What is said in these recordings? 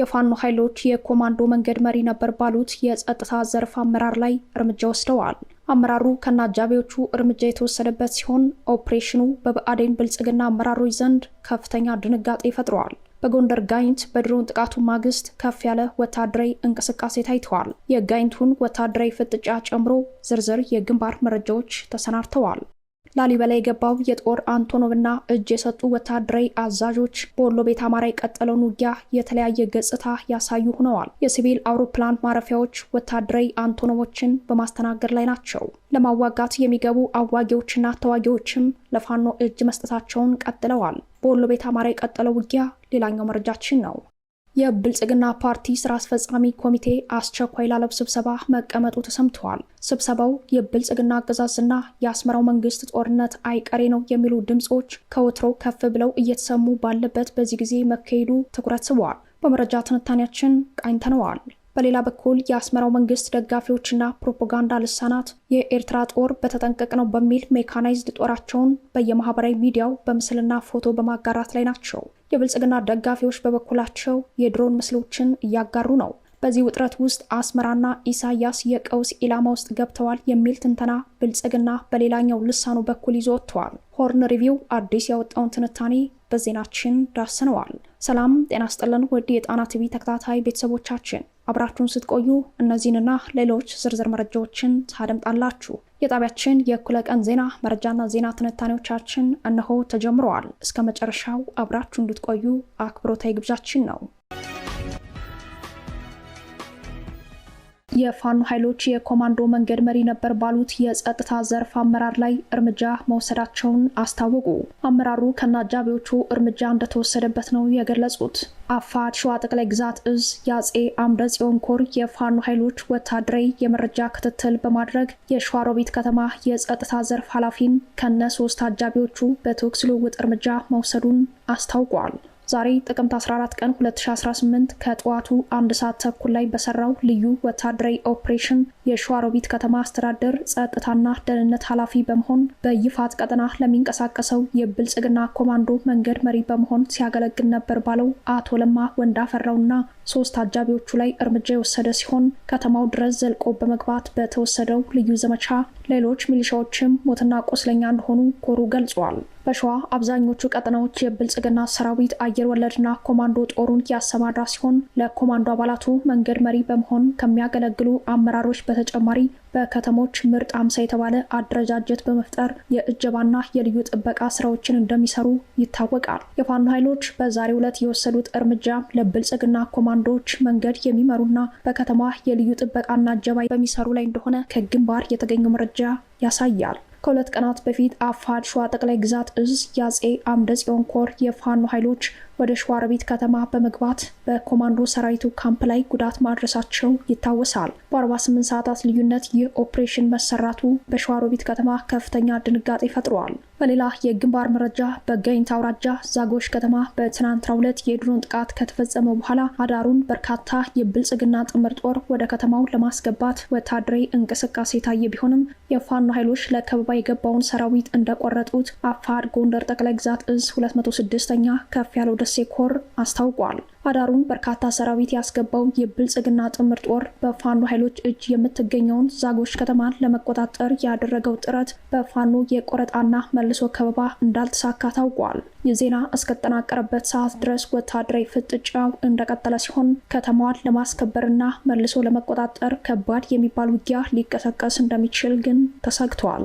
የፋኖ ኃይሎች የኮማንዶ መንገድ መሪ ነበር ባሉት የጸጥታ ዘርፍ አመራር ላይ እርምጃ ወስደዋል። አመራሩ ከነአጃቢዎቹ እርምጃ የተወሰደበት ሲሆን ኦፕሬሽኑ በብአዴን ብልጽግና አመራሮች ዘንድ ከፍተኛ ድንጋጤ ፈጥረዋል። በጎንደር ጋይንት በድሮን ጥቃቱ ማግስት ከፍ ያለ ወታደራዊ እንቅስቃሴ ታይተዋል። የጋይንቱን ወታደራዊ ፍጥጫ ጨምሮ ዝርዝር የግንባር መረጃዎች ተሰናድተዋል። ላሊበላ የገባው የጦር አንቶኖቭና እጅ የሰጡ ወታደራዊ አዛዦች በወሎ ቤት አማራ የቀጠለውን ውጊያ የተለያየ ገጽታ ያሳዩ ሆነዋል። የሲቪል አውሮፕላን ማረፊያዎች ወታደራዊ አንቶኖቮችን በማስተናገድ ላይ ናቸው። ለማዋጋት የሚገቡ አዋጊዎችና ተዋጊዎችም ለፋኖ እጅ መስጠታቸውን ቀጥለዋል። በወሎ ቤት አማራ የቀጠለው ውጊያ ሌላኛው መረጃችን ነው። የብልጽግና ፓርቲ ስራ አስፈጻሚ ኮሚቴ አስቸኳይ ላለው ስብሰባ መቀመጡ ተሰምተዋል። ስብሰባው የብልጽግና አገዛዝና የአስመራው መንግስት ጦርነት አይቀሬ ነው የሚሉ ድምፆች ከወትሮ ከፍ ብለው እየተሰሙ ባለበት በዚህ ጊዜ መካሄዱ ትኩረት ስበዋል። በመረጃ ትንታኔያችን ቃኝተነዋል። በሌላ በኩል የአስመራው መንግስት ደጋፊዎችና ፕሮፓጋንዳ ልሳናት የኤርትራ ጦር በተጠንቀቅ ነው በሚል ሜካናይዝድ ጦራቸውን በየማህበራዊ ሚዲያው በምስልና ፎቶ በማጋራት ላይ ናቸው። የብልጽግና ደጋፊዎች በበኩላቸው የድሮን ምስሎችን እያጋሩ ነው። በዚህ ውጥረት ውስጥ አስመራና ኢሳያስ የቀውስ ኢላማ ውስጥ ገብተዋል የሚል ትንተና ብልጽግና በሌላኛው ልሳኑ በኩል ይዞ ወጥተዋል። ሆርን ሪቪው አዲስ ያወጣውን ትንታኔ በዜናችን ዳስነዋል። ሰላም ጤና ስጥልን ውድ የጣና ቲቪ ተከታታይ ቤተሰቦቻችን አብራችሁን ስትቆዩ እነዚህንና ሌሎች ዝርዝር መረጃዎችን ታደምጣላችሁ። የጣቢያችን የእኩለ ቀን ዜና መረጃና ዜና ትንታኔዎቻችን እነሆ ተጀምረዋል። እስከ መጨረሻው አብራችሁ እንድትቆዩ አክብሮታዊ ግብዣችን ነው። የፋኖ ኃይሎች የኮማንዶ መንገድ መሪ ነበር ባሉት የጸጥታ ዘርፍ አመራር ላይ እርምጃ መውሰዳቸውን አስታወቁ። አመራሩ ከነአጃቢዎቹ እርምጃ እንደተወሰደበት ነው የገለጹት። አፋድ ሸዋ ጠቅላይ ግዛት እዝ የአጼ አምደ ጽዮን ኮር የፋኖ ኃይሎች ወታደራዊ የመረጃ ክትትል በማድረግ የሸዋሮቢት ከተማ የጸጥታ ዘርፍ ኃላፊን ከነ ሶስት አጃቢዎቹ በተኩስ ልውውጥ እርምጃ መውሰዱን አስታውቋል። ዛሬ ጥቅምት 14 ቀን 2018 ከጠዋቱ አንድ ሰዓት ተኩል ላይ በሰራው ልዩ ወታደራዊ ኦፕሬሽን የሸዋሮቢት ከተማ አስተዳደር ጸጥታና ደህንነት ኃላፊ በመሆን በይፋት ቀጠና ለሚንቀሳቀሰው የብልጽግና ኮማንዶ መንገድ መሪ በመሆን ሲያገለግል ነበር ባለው አቶ ለማ ወንዳፈራውና ሶስት አጃቢዎቹ ላይ እርምጃ የወሰደ ሲሆን ከተማው ድረስ ዘልቆ በመግባት በተወሰደው ልዩ ዘመቻ ሌሎች ሚሊሻዎችም ሞትና ቁስለኛ እንደሆኑ ኮሩ ገልጿል። በሸዋ አብዛኞቹ ቀጠናዎች የብልጽግና ሰራዊት አየር ወለድና ኮማንዶ ጦሩን ያሰማራ ሲሆን ለኮማንዶ አባላቱ መንገድ መሪ በመሆን ከሚያገለግሉ አመራሮች በተጨማሪ በከተሞች ምርጥ አምሳ የተባለ አደረጃጀት በመፍጠር የእጀባና የልዩ ጥበቃ ስራዎችን እንደሚሰሩ ይታወቃል። የፋኖ ኃይሎች በዛሬው ዕለት የወሰዱት እርምጃ ለብልጽግና ኮማንዶዎች መንገድ የሚመሩና በከተማ የልዩ ጥበቃና እጀባ በሚሰሩ ላይ እንደሆነ ከግንባር የተገኘው መረጃ ያሳያል። ከሁለት ቀናት በፊት አፋድ ሸዋ ጠቅላይ ግዛት እዝ የአጼ አምደ ጽዮን ኮር የፋኖ ኃይሎች ወደ ሸዋሮቢት ከተማ በመግባት በኮማንዶ ሰራዊቱ ካምፕ ላይ ጉዳት ማድረሳቸው ይታወሳል። በ48 ሰዓታት ልዩነት ይህ ኦፕሬሽን መሰራቱ በሸዋሮቢት ከተማ ከፍተኛ ድንጋጤ ፈጥረዋል። በሌላ የግንባር መረጃ በገይንት አውራጃ ዛጎሽ ከተማ በትናንትናው ዕለት የድሮን ጥቃት ከተፈጸመ በኋላ አዳሩን በርካታ የብልጽግና ጥምር ጦር ወደ ከተማው ለማስገባት ወታደራዊ እንቅስቃሴ ታየ ቢሆንም የፋኖ ኃይሎች ለከበባ የገባውን ሰራዊት እንደቆረጡት አፋድ ጎንደር ጠቅላይ ግዛት እዝ 206ኛ ከፍ ያለው ደሴ ኮር አስታውቋል። አዳሩን በርካታ ሰራዊት ያስገባው የብልጽግና ጥምር ጦር በፋኖ ኃይሎች እጅ የምትገኘውን ዛጎች ከተማን ለመቆጣጠር ያደረገው ጥረት በፋኖ የቆረጣና መልሶ ከበባ እንዳልተሳካ ታውቋል። የዜና እስከተጠናቀረበት ሰዓት ድረስ ወታደራዊ ፍጥጫው እንደቀጠለ ሲሆን ከተማዋን ለማስከበርና መልሶ ለመቆጣጠር ከባድ የሚባል ውጊያ ሊቀሰቀስ እንደሚችል ግን ተሰግቷል።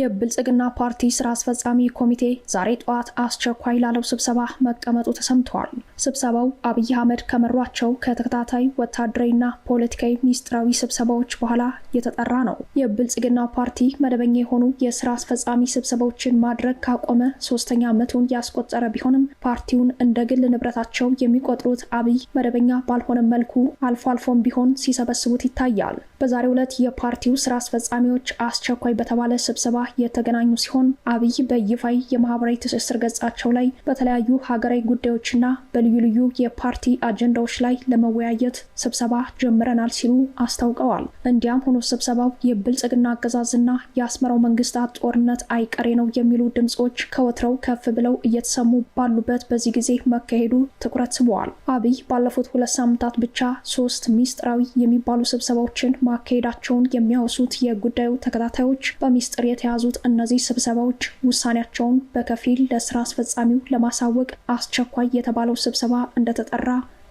የብልጽግና ፓርቲ ስራ አስፈጻሚ ኮሚቴ ዛሬ ጠዋት አስቸኳይ ላለው ስብሰባ መቀመጡ ተሰምተዋል። ስብሰባው አብይ አህመድ ከመሯቸው ከተከታታይ ወታደራዊና ፖለቲካዊ ሚስጥራዊ ስብሰባዎች በኋላ የተጠራ ነው። የብልጽግና ፓርቲ መደበኛ የሆኑ የስራ አስፈጻሚ ስብሰባዎችን ማድረግ ካቆመ ሶስተኛ ዓመቱን ያስቆጠረ ቢሆንም ፓርቲውን እንደ ግል ንብረታቸው የሚቆጥሩት አብይ መደበኛ ባልሆነ መልኩ አልፎ አልፎም ቢሆን ሲሰበስቡት ይታያል። በዛሬው ዕለት የፓርቲው ስራ አስፈጻሚዎች አስቸኳይ በተባለ ስብሰባ የተገናኙ ሲሆን አብይ በይፋይ የማህበራዊ ትስስር ገጻቸው ላይ በተለያዩ ሀገራዊ ጉዳዮችና በልዩ ልዩ የፓርቲ አጀንዳዎች ላይ ለመወያየት ስብሰባ ጀምረናል ሲሉ አስታውቀዋል። እንዲያም ሆኖ ስብሰባው የብልጽግና አገዛዝና የአስመራው መንግስታት ጦርነት አይቀሬ ነው የሚሉ ድምፆች ከወትረው ከፍ ብለው እየተሰሙ ባሉበት በዚህ ጊዜ መካሄዱ ትኩረት ስበዋል። አብይ ባለፉት ሁለት ሳምንታት ብቻ ሶስት ሚስጥራዊ የሚባሉ ስብሰባዎችን ማካሄዳቸውን የሚያወሱት የጉዳዩ ተከታታዮች በሚስጥር የተያዙት እነዚህ ስብሰባዎች ውሳኔያቸውን በከፊል ለስራ አስፈጻሚው ለማሳወቅ አስቸኳይ የተባለው ስብሰባ እንደተጠራ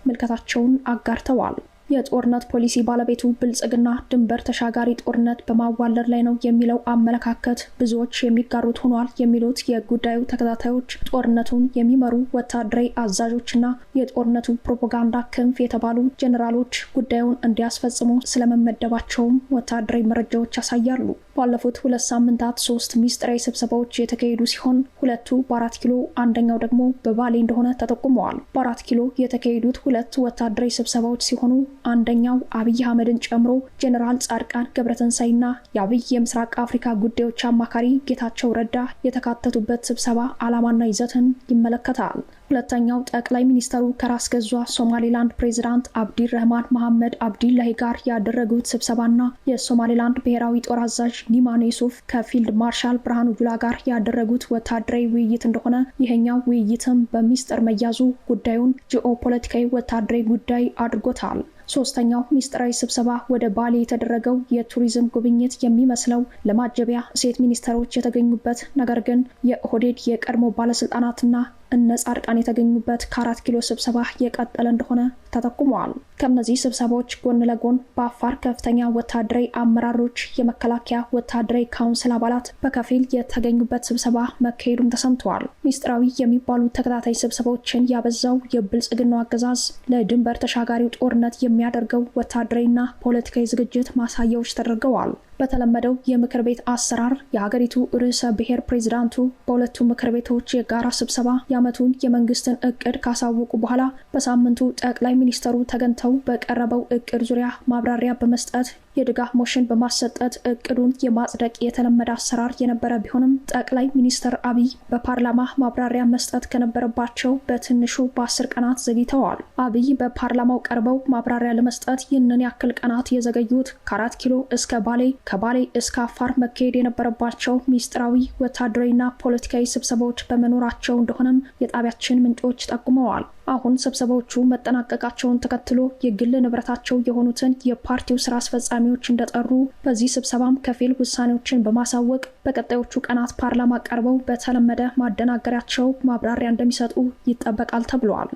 ምልከታቸውን አጋርተዋል። የጦርነት ፖሊሲ ባለቤቱ ብልጽግና ድንበር ተሻጋሪ ጦርነት በማዋለድ ላይ ነው የሚለው አመለካከት ብዙዎች የሚጋሩት ሆኗል የሚሉት የጉዳዩ ተከታታዮች ጦርነቱን የሚመሩ ወታደራዊ አዛዦችና የጦርነቱ ፕሮፓጋንዳ ክንፍ የተባሉ ጀኔራሎች ጉዳዩን እንዲያስፈጽሙ ስለመመደባቸውም ወታደራዊ መረጃዎች ያሳያሉ። ባለፉት ሁለት ሳምንታት ሶስት ሚስጥራዊ ስብሰባዎች የተካሄዱ ሲሆን ሁለቱ በአራት ኪሎ አንደኛው ደግሞ በባሌ እንደሆነ ተጠቁመዋል። በአራት ኪሎ የተካሄዱት ሁለት ወታደራዊ ስብሰባዎች ሲሆኑ አንደኛው አብይ አህመድን ጨምሮ ጀኔራል ጻድቃን ገብረተንሳይና የአብይ የምስራቅ አፍሪካ ጉዳዮች አማካሪ ጌታቸው ረዳ የተካተቱበት ስብሰባ ዓላማና ይዘትን ይመለከታል። ሁለተኛው ጠቅላይ ሚኒስተሩ ከራስ ገዟ ሶማሌላንድ ፕሬዚዳንት አብዲ ረህማን መሐመድ አብዲላሂ ጋር ያደረጉት ስብሰባና የሶማሌላንድ ብሔራዊ ጦር አዛዥ ኒማን ዩሱፍ ከፊልድ ማርሻል ብርሃኑ ጁላ ጋር ያደረጉት ወታደራዊ ውይይት እንደሆነ ይሄኛው ውይይትም በሚስጥር መያዙ ጉዳዩን ጂኦፖለቲካዊ ወታደራዊ ጉዳይ አድርጎታል። ሶስተኛው ሚስጥራዊ ስብሰባ ወደ ባሌ የተደረገው የቱሪዝም ጉብኝት የሚመስለው ለማጀቢያ ሴት ሚኒስተሮች የተገኙበት ነገር ግን የኦህዴድ የቀድሞ ባለስልጣናትና እነ ጻድቃን የተገኙበት ከአራት ኪሎ ስብሰባ የቀጠለ እንደሆነ ተጠቁመዋል። ከእነዚህ ስብሰባዎች ጎን ለጎን በአፋር ከፍተኛ ወታደራዊ አመራሮች፣ የመከላከያ ወታደራዊ ካውንስል አባላት በከፊል የተገኙበት ስብሰባ መካሄዱም ተሰምተዋል። ሚስጥራዊ የሚባሉ ተከታታይ ስብሰባዎችን ያበዛው የብልጽግናው አገዛዝ ለድንበር ተሻጋሪው ጦርነት የሚያደርገው ወታደራዊና ፖለቲካዊ ዝግጅት ማሳያዎች ተደርገዋል። በተለመደው የምክር ቤት አሰራር የሀገሪቱ ርዕሰ ብሔር ፕሬዚዳንቱ በሁለቱ ምክር ቤቶች የጋራ ስብሰባ የዓመቱን የመንግስትን እቅድ ካሳወቁ በኋላ በሳምንቱ ጠቅላይ ሚኒስተሩ ተገኝተው በቀረበው እቅድ ዙሪያ ማብራሪያ በመስጠት የድጋፍ ሞሽን በማሰጠት እቅዱን የማጽደቅ የተለመደ አሰራር የነበረ ቢሆንም ጠቅላይ ሚኒስትር አብይ በፓርላማ ማብራሪያ መስጠት ከነበረባቸው በትንሹ በአስር ቀናት ዘግይተዋል። አብይ በፓርላማው ቀርበው ማብራሪያ ለመስጠት ይህንን ያክል ቀናት የዘገዩት ከአራት ኪሎ እስከ ባሌ፣ ከባሌ እስከ አፋር መካሄድ የነበረባቸው ሚስጥራዊ ወታደራዊና ፖለቲካዊ ስብሰባዎች በመኖራቸው እንደሆነም የጣቢያችን ምንጮች ጠቁመዋል። አሁን ስብሰባዎቹ መጠናቀቃቸውን ተከትሎ የግል ንብረታቸው የሆኑትን የፓርቲው ስራ አስፈጻሚዎች እንደጠሩ፣ በዚህ ስብሰባም ከፊል ውሳኔዎችን በማሳወቅ በቀጣዮቹ ቀናት ፓርላማ ቀርበው በተለመደ ማደናገሪያቸው ማብራሪያ እንደሚሰጡ ይጠበቃል ተብለዋል።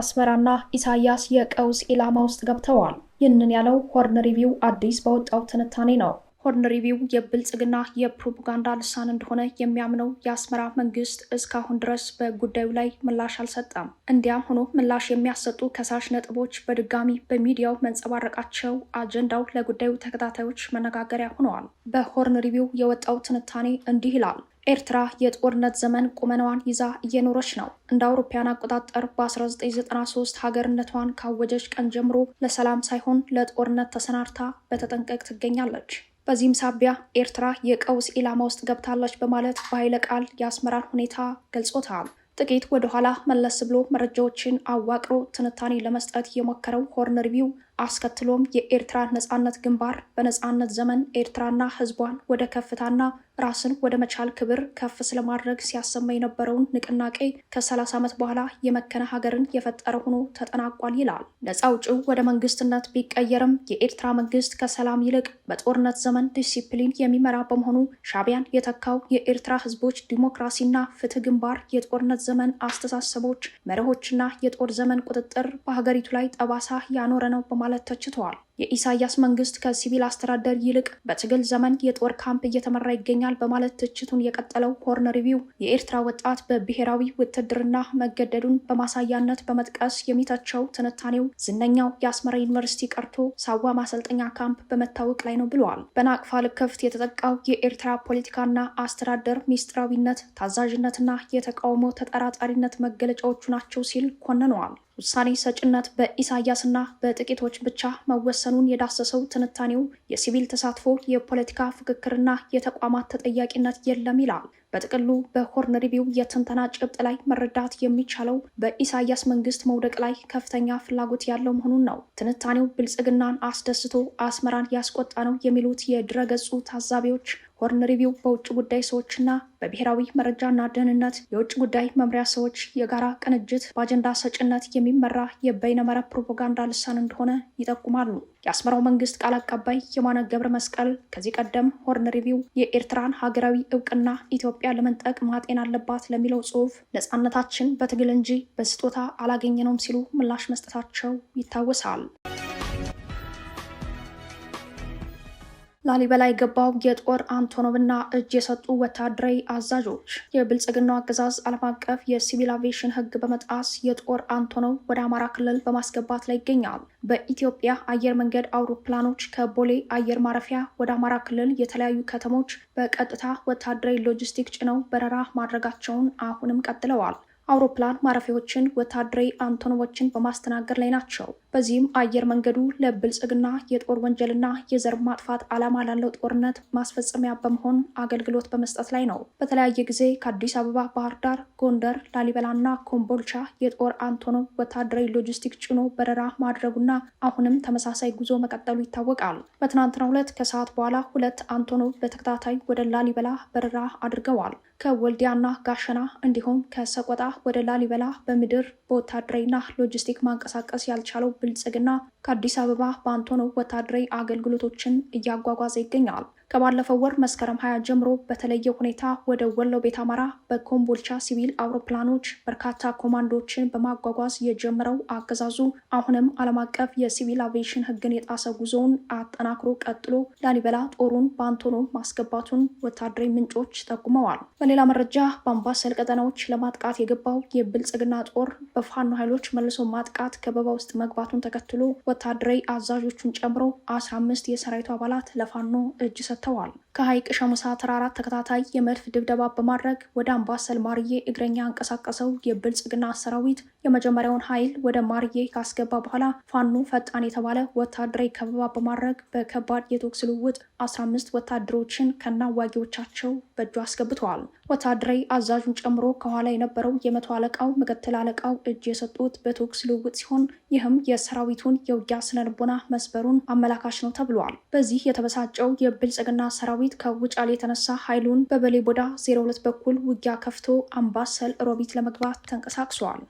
አስመራና ኢሳያስ የቀውስ ኢላማ ውስጥ ገብተዋል። ይህንን ያለው ሆርን ሪቪው አዲስ በወጣው ትንታኔ ነው። ሆርን ሪቪው የብልጽግና የፕሮፓጋንዳ ልሳን እንደሆነ የሚያምነው የአስመራ መንግስት እስካሁን ድረስ በጉዳዩ ላይ ምላሽ አልሰጠም። እንዲያም ሆኖ ምላሽ የሚያሰጡ ከሳሽ ነጥቦች በድጋሚ በሚዲያው መንጸባረቃቸው አጀንዳው ለጉዳዩ ተከታታዮች መነጋገሪያ ሆነዋል። በሆርን ሪቪው የወጣው ትንታኔ እንዲህ ይላል። ኤርትራ የጦርነት ዘመን ቁመናዋን ይዛ እየኖረች ነው። እንደ አውሮፓያን አቆጣጠር በ1993 ሀገርነቷን ካወጀች ቀን ጀምሮ ለሰላም ሳይሆን ለጦርነት ተሰናድታ በተጠንቀቅ ትገኛለች። በዚህም ሳቢያ ኤርትራ የቀውስ ኢላማ ውስጥ ገብታለች በማለት በኃይለ ቃል የአስመራን ሁኔታ ገልጾታል። ጥቂት ወደኋላ መለስ ብሎ መረጃዎችን አዋቅሮ ትንታኔ ለመስጠት የሞከረው ሆርን ሪቪው አስከትሎም የኤርትራ ነጻነት ግንባር በነጻነት ዘመን ኤርትራና ህዝቧን ወደ ከፍታና ራስን ወደ መቻል ክብር ከፍ ስለማድረግ ሲያሰማ የነበረውን ንቅናቄ ከ30 ዓመት በኋላ የመከነ ሀገርን የፈጠረ ሆኖ ተጠናቋል ይላል። ነፃ አውጪው ወደ መንግስትነት ቢቀየርም የኤርትራ መንግስት ከሰላም ይልቅ በጦርነት ዘመን ዲሲፕሊን የሚመራ በመሆኑ ሻቢያን የተካው የኤርትራ ህዝቦች ዲሞክራሲና ፍትህ ግንባር የጦርነት ዘመን አስተሳሰቦች፣ መርሆችና የጦር ዘመን ቁጥጥር በሀገሪቱ ላይ ጠባሳ ያኖረ ነው በማለት በማለት ተችተዋል። የኢሳያስ መንግስት ከሲቪል አስተዳደር ይልቅ በትግል ዘመን የጦር ካምፕ እየተመራ ይገኛል በማለት ትችቱን የቀጠለው ሆርን ሪቪው የኤርትራ ወጣት በብሔራዊ ውትድርና መገደዱን በማሳያነት በመጥቀስ የሚተቸው ትንታኔው ዝነኛው የአስመራ ዩኒቨርሲቲ ቀርቶ ሳዋ ማሰልጠኛ ካምፕ በመታወቅ ላይ ነው ብለዋል። በናቅፋ ልክፍት የተጠቃው የኤርትራ ፖለቲካና አስተዳደር ሚስጥራዊነት፣ ታዛዥነትና የተቃውሞ ተጠራጣሪነት መገለጫዎቹ ናቸው ሲል ኮንነዋል። ውሳኔ ሰጭነት በኢሳያስና በጥቂቶች ብቻ መወሰኑን የዳሰሰው ትንታኔው የሲቪል ተሳትፎ፣ የፖለቲካ ፍክክርና የተቋማት ተጠያቂነት የለም ይላል። በጥቅሉ በሆርን ሪቪው የትንተና ጭብጥ ላይ መረዳት የሚቻለው በኢሳያስ መንግስት መውደቅ ላይ ከፍተኛ ፍላጎት ያለው መሆኑን ነው። ትንታኔው ብልጽግናን አስደስቶ አስመራን ያስቆጣ ነው የሚሉት የድረገጹ ታዛቢዎች ሆርን ሪቪው በውጭ ጉዳይ ሰዎችና በብሔራዊ መረጃና ደህንነት የውጭ ጉዳይ መምሪያ ሰዎች የጋራ ቅንጅት በአጀንዳ ሰጭነት የሚመራ የበይነመረብ ፕሮፓጋንዳ ልሳን እንደሆነ ይጠቁማሉ። የአስመራው መንግስት ቃል አቀባይ የማነ ገብረ መስቀል ከዚህ ቀደም ሆርን ሪቪው የኤርትራን ሀገራዊ እውቅና ኢትዮጵያ ለመንጠቅ ማጤን አለባት ለሚለው ጽሁፍ ነጻነታችን በትግል እንጂ በስጦታ አላገኘነውም ሲሉ ምላሽ መስጠታቸው ይታወሳል። ላሊበላ የገባው የጦር አንቶኖቭና እጅ የሰጡ ወታደራዊ አዛዦች የብልጽግናው አገዛዝ ዓለም አቀፍ የሲቪል አቪዬሽን ሕግ በመጣስ የጦር አንቶኖቭ ወደ አማራ ክልል በማስገባት ላይ ይገኛል። በኢትዮጵያ አየር መንገድ አውሮፕላኖች ከቦሌ አየር ማረፊያ ወደ አማራ ክልል የተለያዩ ከተሞች በቀጥታ ወታደራዊ ሎጂስቲክ ጭነው በረራ ማድረጋቸውን አሁንም ቀጥለዋል። አውሮፕላን ማረፊያዎችን፣ ወታደራዊ አንቶኖቮችን በማስተናገድ ላይ ናቸው። በዚህም አየር መንገዱ ለብልጽግና የጦር ወንጀልና የዘር ማጥፋት ዓላማ ላለው ጦርነት ማስፈጸሚያ በመሆን አገልግሎት በመስጠት ላይ ነው። በተለያየ ጊዜ ከአዲስ አበባ፣ ባህር ዳር፣ ጎንደር፣ ላሊበላና ኮምቦልቻ የጦር አንቶኖቭ ወታደራዊ ሎጂስቲክ ጭኖ በረራ ማድረጉና አሁንም ተመሳሳይ ጉዞ መቀጠሉ ይታወቃል። በትናንትናው ዕለት ከሰዓት በኋላ ሁለት አንቶኖቭ በተከታታይ ወደ ላሊበላ በረራ አድርገዋል። ከወልዲያና ጋሸና እንዲሁም ከሰቆጣ ወደ ላሊበላ በምድር በወታደራዊና ሎጂስቲክ ማንቀሳቀስ ያልቻለው ብልጽግና ከአዲስ አበባ በአንቶኖቭ ወታደራዊ አገልግሎቶችን እያጓጓዘ ይገኛል። ከባለፈው ወር መስከረም ሀያ ጀምሮ በተለየ ሁኔታ ወደ ወሎ ቤት አማራ በኮምቦልቻ ሲቪል አውሮፕላኖች በርካታ ኮማንዶዎችን በማጓጓዝ የጀመረው አገዛዙ አሁንም ዓለም አቀፍ የሲቪል አቪዬሽን ሕግን የጣሰ ጉዞውን አጠናክሮ ቀጥሎ ላሊበላ ጦሩን በአንቶኖቭ ማስገባቱን ወታደራዊ ምንጮች ጠቁመዋል። በሌላ መረጃ በአምባሰል ቀጠናዎች ለማጥቃት የገባው የብልጽግና ጦር በፋኖ ኃይሎች መልሶ ማጥቃት ከበባ ውስጥ መግባቱን ተከትሎ ወታደራዊ አዛዦቹን ጨምሮ አስራ አምስት የሰራዊቱ አባላት ለፋኖ እጅ ሰ ሰጥተዋል። ከሐይቅ ሸሙሳ ተራራ ተከታታይ የመድፍ ድብደባ በማድረግ ወደ አምባሰል ማርዬ እግረኛ ያንቀሳቀሰው የብልጽግና ሰራዊት የመጀመሪያውን ኃይል ወደ ማርዬ ካስገባ በኋላ ፋኖ ፈጣን የተባለ ወታደራዊ ከበባ በማድረግ በከባድ የተኩስ ልውውጥ 15 ወታደሮችን ከናዋጊዎቻቸው በእጁ አስገብተዋል። ወታደራዊ አዛዡን ጨምሮ ከኋላ የነበረው የመቶ አለቃው ምክትል አለቃው እጅ የሰጡት በተኩስ ልውውጥ ሲሆን ይህም የሰራዊቱን የውጊያ ስነልቦና መስበሩን አመላካች ነው ተብሏል። በዚህ የተበሳጨው የብልጽ የብልጽግና ሰራዊት ከውጫሌ የተነሳ ኃይሉን በበሌ ቦዳ 02 በኩል ውጊያ ከፍቶ አምባሰል ሮቢት ለመግባት ተንቀሳቅሷል።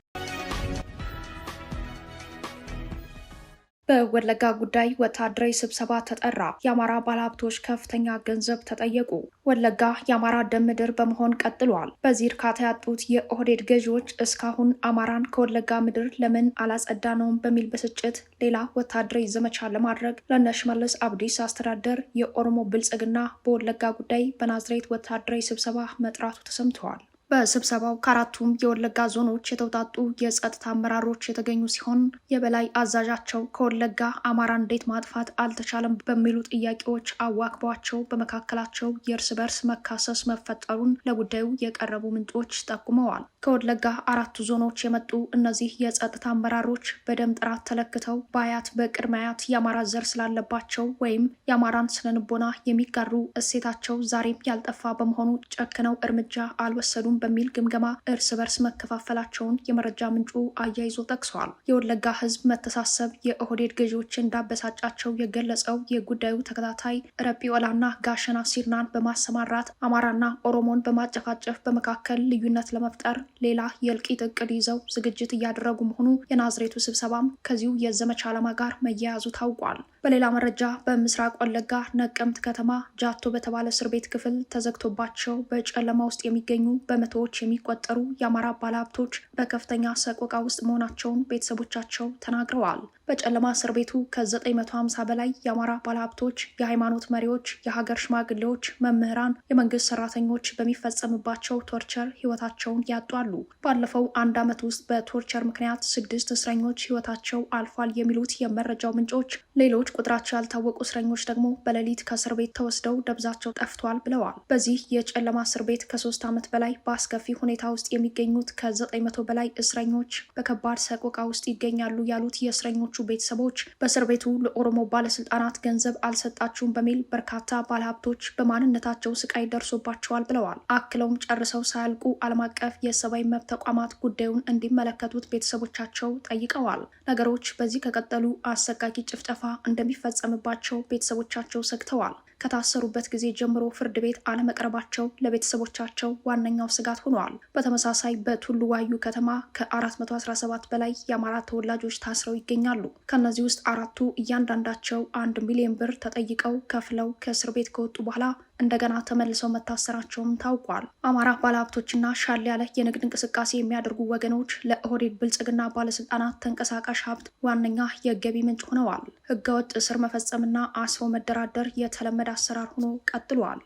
በወለጋ ጉዳይ ወታደራዊ ስብሰባ ተጠራ። የአማራ ባለሀብቶች ከፍተኛ ገንዘብ ተጠየቁ። ወለጋ የአማራ ደም ምድር በመሆን ቀጥሏል። በዚህ እርካታ ያጡት የኦህዴድ ገዢዎች እስካሁን አማራን ከወለጋ ምድር ለምን አላጸዳ ነውም በሚል ብስጭት ሌላ ወታደራዊ ዘመቻ ለማድረግ ለሽመልስ አብዲስ አስተዳደር የኦሮሞ ብልጽግና በወለጋ ጉዳይ በናዝሬት ወታደራዊ ስብሰባ መጥራቱ ተሰምተዋል። በስብሰባው ከአራቱም የወለጋ ዞኖች የተውጣጡ የጸጥታ አመራሮች የተገኙ ሲሆን የበላይ አዛዣቸው ከወለጋ አማራ እንዴት ማጥፋት አልተቻለም በሚሉ ጥያቄዎች አዋክቧቸው በመካከላቸው የእርስ በርስ መካሰስ መፈጠሩን ለጉዳዩ የቀረቡ ምንጮች ጠቁመዋል። ከወለጋ አራቱ ዞኖች የመጡ እነዚህ የጸጥታ አመራሮች በደም ጥራት ተለክተው በአያት በቅድመ አያት የአማራ ዘር ስላለባቸው ወይም የአማራን ስነንቦና የሚጋሩ እሴታቸው ዛሬም ያልጠፋ በመሆኑ ጨክነው እርምጃ አልወሰዱም በሚል ግምገማ እርስ በርስ መከፋፈላቸውን የመረጃ ምንጩ አያይዞ ጠቅሰዋል። የወለጋ ህዝብ መተሳሰብ የኦህዴድ ገዢዎች እንዳበሳጫቸው የገለጸው የጉዳዩ ተከታታይ ረቢወላና ጋሸና ሲርናን በማሰማራት አማራና ኦሮሞን በማጨፋጨፍ በመካከል ልዩነት ለመፍጠር ሌላ የእልቂት እቅድ ይዘው ዝግጅት እያደረጉ መሆኑ የናዝሬቱ ስብሰባም ከዚሁ የዘመቻ ዓላማ ጋር መያያዙ ታውቋል። በሌላ መረጃ በምስራቅ ወለጋ ነቀምት ከተማ ጃቶ በተባለ እስር ቤት ክፍል ተዘግቶባቸው በጨለማ ውስጥ የሚገኙ በመ በመቶዎች የሚቆጠሩ የአማራ ባለሀብቶች በከፍተኛ ሰቆቃ ውስጥ መሆናቸውን ቤተሰቦቻቸው ተናግረዋል። በጨለማ እስር ቤቱ ከ950 በላይ የአማራ ባለሀብቶች፣ የሃይማኖት መሪዎች፣ የሀገር ሽማግሌዎች፣ መምህራን፣ የመንግስት ሰራተኞች በሚፈጸምባቸው ቶርቸር ህይወታቸውን ያጧሉ። ባለፈው አንድ ዓመት ውስጥ በቶርቸር ምክንያት ስድስት እስረኞች ህይወታቸው አልፏል የሚሉት የመረጃው ምንጮች፣ ሌሎች ቁጥራቸው ያልታወቁ እስረኞች ደግሞ በሌሊት ከእስር ቤት ተወስደው ደብዛቸው ጠፍቷል ብለዋል። በዚህ የጨለማ እስር ቤት ከሶስት ዓመት በላይ በአስከፊ ሁኔታ ውስጥ የሚገኙት ከ900 በላይ እስረኞች በከባድ ሰቆቃ ውስጥ ይገኛሉ ያሉት የእስረኞቹ የሟቹ ቤተሰቦች በእስር ቤቱ ለኦሮሞ ባለስልጣናት ገንዘብ አልሰጣችሁም በሚል በርካታ ባለሀብቶች በማንነታቸው ስቃይ ደርሶባቸዋል ብለዋል። አክለውም ጨርሰው ሳያልቁ ዓለም አቀፍ የሰብአዊ መብት ተቋማት ጉዳዩን እንዲመለከቱት ቤተሰቦቻቸው ጠይቀዋል። ነገሮች በዚህ ከቀጠሉ አሰቃቂ ጭፍጨፋ እንደሚፈጸምባቸው ቤተሰቦቻቸው ሰግተዋል። ከታሰሩበት ጊዜ ጀምሮ ፍርድ ቤት አለመቅረባቸው ለቤተሰቦቻቸው ዋነኛው ስጋት ሆኗል። በተመሳሳይ በቱሉ ዋዩ ከተማ ከ417 በላይ የአማራ ተወላጆች ታስረው ይገኛሉ። ከእነዚህ ውስጥ አራቱ እያንዳንዳቸው አንድ ሚሊዮን ብር ተጠይቀው ከፍለው ከእስር ቤት ከወጡ በኋላ እንደገና ተመልሰው መታሰራቸውም ታውቋል። አማራ ባለሀብቶችና ሻል ያለ የንግድ እንቅስቃሴ የሚያደርጉ ወገኖች ለኦህዴድ ብልጽግና ባለስልጣናት ተንቀሳቃሽ ሀብት ዋነኛ የገቢ ምንጭ ሆነዋል። ህገወጥ እስር መፈጸምና አስሮ መደራደር የተለመደ አሰራር ሆኖ ቀጥሏል።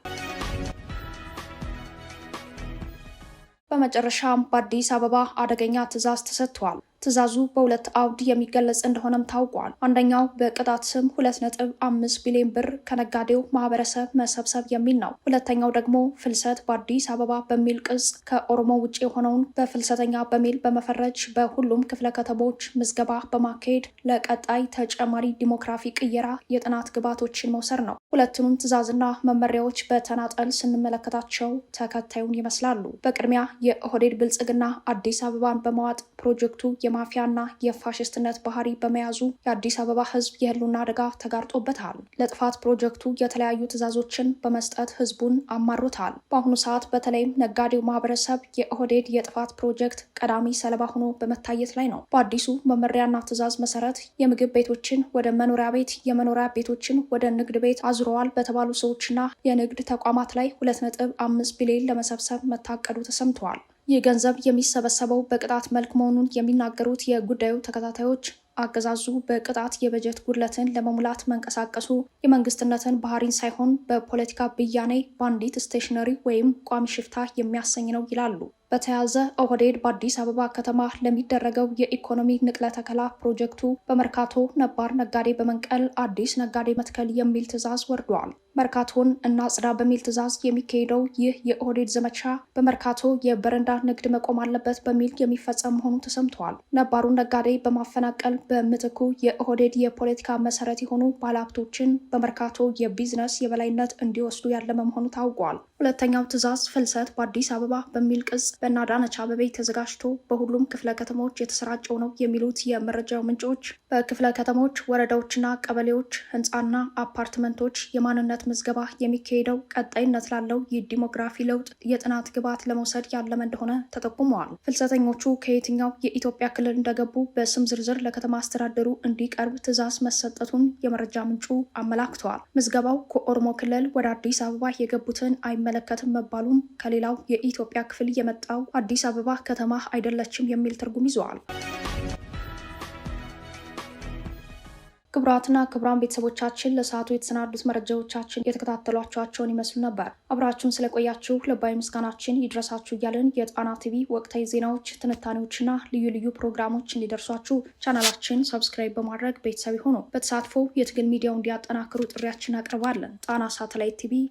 በመጨረሻም በአዲስ አበባ አደገኛ ትዕዛዝ ተሰጥቷል። ትዕዛዙ በሁለት አውድ የሚገለጽ እንደሆነም ታውቋል። አንደኛው በቅጣት ስም ሁለት ነጥብ አምስት ቢሊዮን ብር ከነጋዴው ማህበረሰብ መሰብሰብ የሚል ነው። ሁለተኛው ደግሞ ፍልሰት በአዲስ አበባ በሚል ቅጽ ከኦሮሞ ውጭ የሆነውን በፍልሰተኛ በሚል በመፈረጅ በሁሉም ክፍለ ከተሞች ምዝገባ በማካሄድ ለቀጣይ ተጨማሪ ዲሞክራፊ ቅየራ የጥናት ግብዓቶችን መውሰድ ነው። ሁለቱንም ትዕዛዝና መመሪያዎች በተናጠል ስንመለከታቸው ተከታዩን ይመስላሉ። በቅድሚያ የኦህዴድ ብልጽግና አዲስ አበባን በመዋጥ ፕሮጀክቱ የማፊያና የፋሽስትነት ባህሪ በመያዙ የአዲስ አበባ ህዝብ የህልውና አደጋ ተጋርጦበታል። ለጥፋት ፕሮጀክቱ የተለያዩ ትዕዛዞችን በመስጠት ህዝቡን አማሩታል። በአሁኑ ሰዓት በተለይም ነጋዴው ማህበረሰብ የኦህዴድ የጥፋት ፕሮጀክት ቀዳሚ ሰለባ ሆኖ በመታየት ላይ ነው። በአዲሱ መመሪያና ትዕዛዝ መሰረት የምግብ ቤቶችን ወደ መኖሪያ ቤት፣ የመኖሪያ ቤቶችን ወደ ንግድ ቤት አዙረዋል በተባሉ ሰዎችና የንግድ ተቋማት ላይ ሁለት ነጥብ አምስት ቢሊዮን ለመሰብሰብ መታቀዱ ተሰምተዋል። ይህ ገንዘብ የሚሰበሰበው በቅጣት መልክ መሆኑን የሚናገሩት የጉዳዩ ተከታታዮች አገዛዙ በቅጣት የበጀት ጉድለትን ለመሙላት መንቀሳቀሱ የመንግስትነትን ባህሪን ሳይሆን በፖለቲካ ብያኔ ባንዲት ስቴሽነሪ ወይም ቋሚ ሽፍታ የሚያሰኝ ነው ይላሉ። በተያያዘ ኦህዴድ በአዲስ አበባ ከተማ ለሚደረገው የኢኮኖሚ ንቅለ ተከላ ፕሮጀክቱ በመርካቶ ነባር ነጋዴ በመንቀል አዲስ ነጋዴ መትከል የሚል ትዕዛዝ ወርዷል። መርካቶን ጽዳ በሚል ትዕዛዝ የሚካሄደው ይህ የኦህዴድ ዘመቻ በመርካቶ የበረንዳ ንግድ መቆም አለበት በሚል የሚፈጸም መሆኑ ተሰምተዋል። ነባሩን ነጋዴ በማፈናቀል በምትኩ የኦህዴድ የፖለቲካ መሰረት የሆኑ ባለሀብቶችን በመርካቶ የቢዝነስ የበላይነት እንዲወስዱ ያለመ መሆኑ ታውቋል። ሁለተኛው ትዕዛዝ ፍልሰት በአዲስ አበባ በሚል ቅጽ በእነ አዳነች አበቤ ተዘጋጅቶ በሁሉም ክፍለ ከተሞች የተሰራጨው ነው የሚሉት የመረጃው ምንጮች በክፍለ ከተሞች ወረዳዎችና ቀበሌዎች ህንፃና አፓርትመንቶች የማንነት ምዝገባ የሚካሄደው ቀጣይነት ላለው የዲሞግራፊ ለውጥ የጥናት ግብዓት ለመውሰድ ያለመ እንደሆነ ተጠቁመዋል። ፍልሰተኞቹ ከየትኛው የኢትዮጵያ ክልል እንደገቡ በስም ዝርዝር ለከተማ አስተዳደሩ እንዲቀርብ ትዕዛዝ መሰጠቱን የመረጃ ምንጩ አመላክተዋል። ምዝገባው ከኦሮሞ ክልል ወደ አዲስ አበባ የገቡትን አይመለከትም መባሉም ከሌላው የኢትዮጵያ ክፍል የመጣ የወጣው አዲስ አበባ ከተማ አይደለችም የሚል ትርጉም ይዘዋል። ክቡራትና ክቡራን ቤተሰቦቻችን ለሰዓቱ የተሰናዱት መረጃዎቻችን የተከታተሏቸኋቸውን ይመስሉ ነበር። አብራችሁን ስለቆያችሁ ልባዊ ምስጋናችን ይድረሳችሁ እያለን የጣና ቲቪ ወቅታዊ ዜናዎች፣ ትንታኔዎችና ልዩ ልዩ ፕሮግራሞች እንዲደርሷችሁ ቻናላችን ሰብስክራይብ በማድረግ ቤተሰብ ሆኖ በተሳትፎ የትግል ሚዲያው እንዲያጠናክሩ ጥሪያችን አቅርባለን። ጣና ሳተላይት ቲቪ